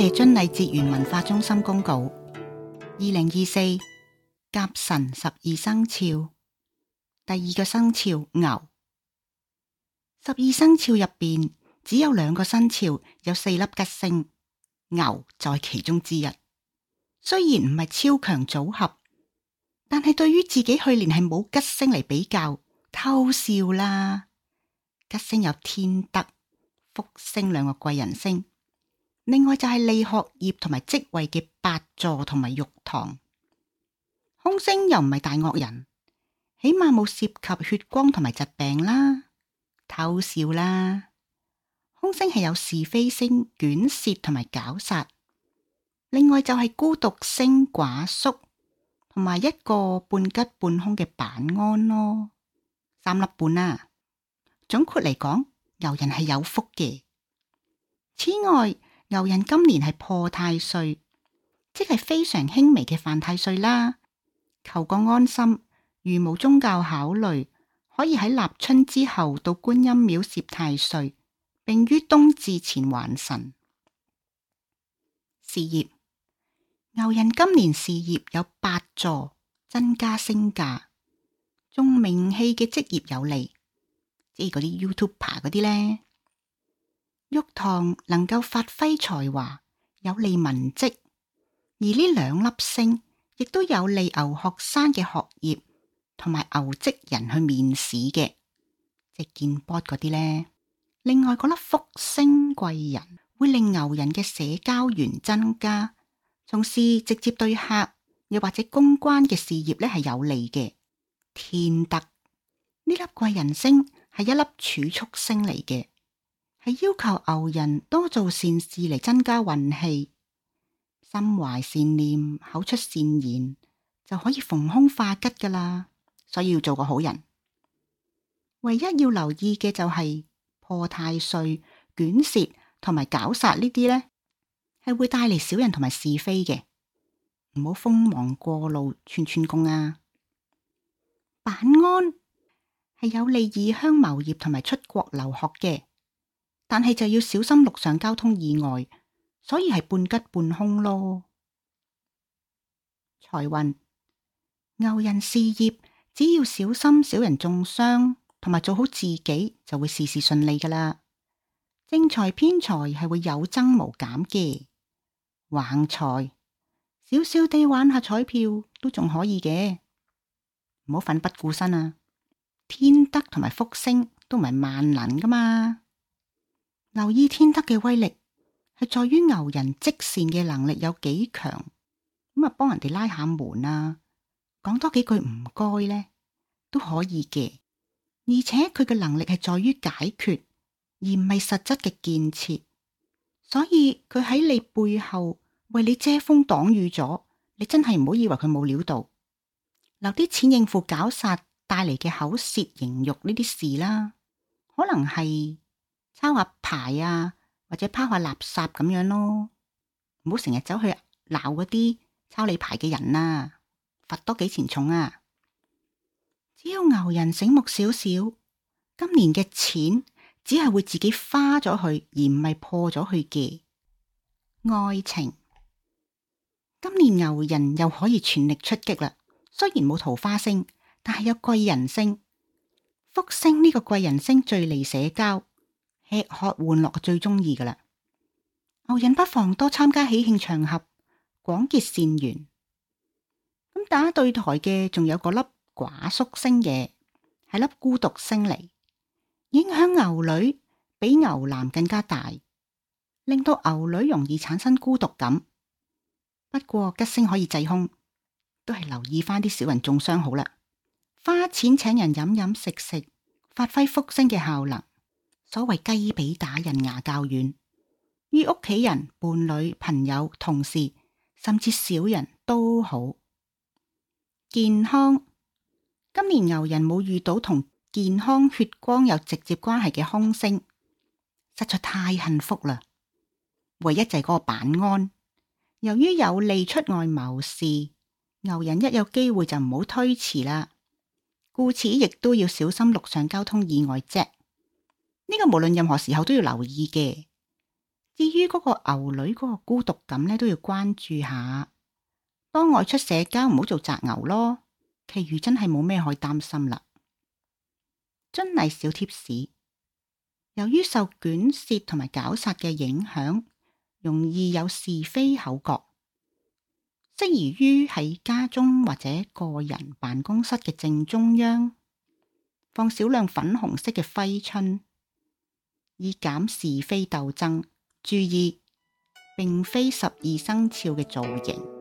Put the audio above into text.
蛇尊禮節園文化中心公告：二零二四甲辰十二生肖第二個生肖牛，十二生肖入邊只有兩個生肖有四粒吉星，牛在其中之一。雖然唔係超強組合，但係對於自己去年係冇吉星嚟比較，偷笑啦。吉星有天德、福星兩個貴人星。另外就係利學業同埋職位嘅八座同埋玉堂，凶星又唔係大惡人，起碼冇涉及血光同埋疾病啦，偷笑啦。凶星係有是非星、捲舌同埋絞煞。另外就係孤獨星、寡宿同埋一個半吉半凶嘅扳鞍咯，三粒半啦，啊。總括嚟講，游人係有福嘅。此外。牛人今年係破太歲，即係非常輕微嘅犯太歲啦。求個安心，如無宗教考慮，可以喺立春之後到觀音廟攝太歲，並於冬至前還神。事業，牛人今年事業有八座增加升價，重名氣嘅職業有利，即係嗰啲 YouTuber 嗰啲咧。玉堂能夠發揮才華，有利文職；而呢兩粒星亦都有利牛學生嘅學業同埋牛職人去面試嘅，即係見 board 嗰啲咧。另外嗰粒福星貴人會令牛人嘅社交緣增加，從事直接對客又或者公關嘅事業咧，係有利嘅。天德呢粒貴人星係一粒儲蓄星嚟嘅。係要求牛人多做善事嚟，增加運氣，心懷善念，口出善言就可以逢凶化吉㗎喇。所以要做個好人，唯一要留意嘅就係、是、破太歲、捲舌同埋絞煞呢啲呢，係會帶嚟小人同埋是非嘅，唔好鋒芒過露寸寸貢啊。扳鞍係有利異鄉謀業同埋出國留學嘅。但係就要小心陸上交通意外，所以係半吉半凶咯。財運牛人事業，只要小心小人中傷，同埋做好自己就會事事順利噶啦。正財偏財係會有增無減嘅，橫財少少地玩下彩票都仲可以嘅，唔好奮不顧身啊！天德同埋福星都唔係萬能噶嘛。留意天德嘅威力，係在於牛人積善嘅能力有幾強，咁啊幫人哋拉下門啊，講多幾句唔該呢，都可以嘅。而且佢嘅能力係在於解決，而唔係實質嘅建設。所以佢喺你背後為你遮風擋雨咗，你真係唔好以為佢冇料到，留啲錢應付絞煞帶嚟嘅口舌刑辱呢啲事啦，可能係。抄下牌啊，或者拋下垃圾咁樣咯，唔好成日走去鬧嗰啲抄你牌嘅人啦，啊，罰多幾錢重啊！只要牛人醒目少少，今年嘅錢只係會自己花咗去，而唔係破咗去嘅。愛情，今年牛人又可以全力出擊啦。雖然冇桃花星，但係有貴人星，福星呢個貴人星最利社交。吃喝玩樂最中意㗎喇，牛人不妨多參加喜慶場合，廣結善緣。咁打對台嘅仲有個粒寡宿星嘢，係粒孤獨星嚟，影響牛女比牛男更加大，令到牛女容易產生孤獨感。不過吉星可以制凶，都係留意返啲小人中傷好啦。花錢請人飲飲食食，發揮福星嘅效能。所謂雞髀打人牙較軟，於屋企人、伴侶、朋友、同事，甚至小人都好健康。今年牛人冇遇到同健康血光有直接關係嘅凶星，實在太幸福啦！唯一就係個板安，由於有利出外謀事，牛人一有機會就唔好推遲啦。故此，亦都要小心陸上交通意外啫。因為無論任何時候都要留意嘅。至於嗰個牛女嗰個孤獨感呢，都要關注下。當外出社交，唔好做擇牛咯。其餘真係冇咩可以擔心啦。尊禮小貼士：由於受捲舌同埋絞煞嘅影響，容易有是非口角，適宜於喺家中或者個人辦公室嘅正中央放少量粉紅色嘅揮春。以減是非鬥爭。注意，並非十二生肖嘅造型。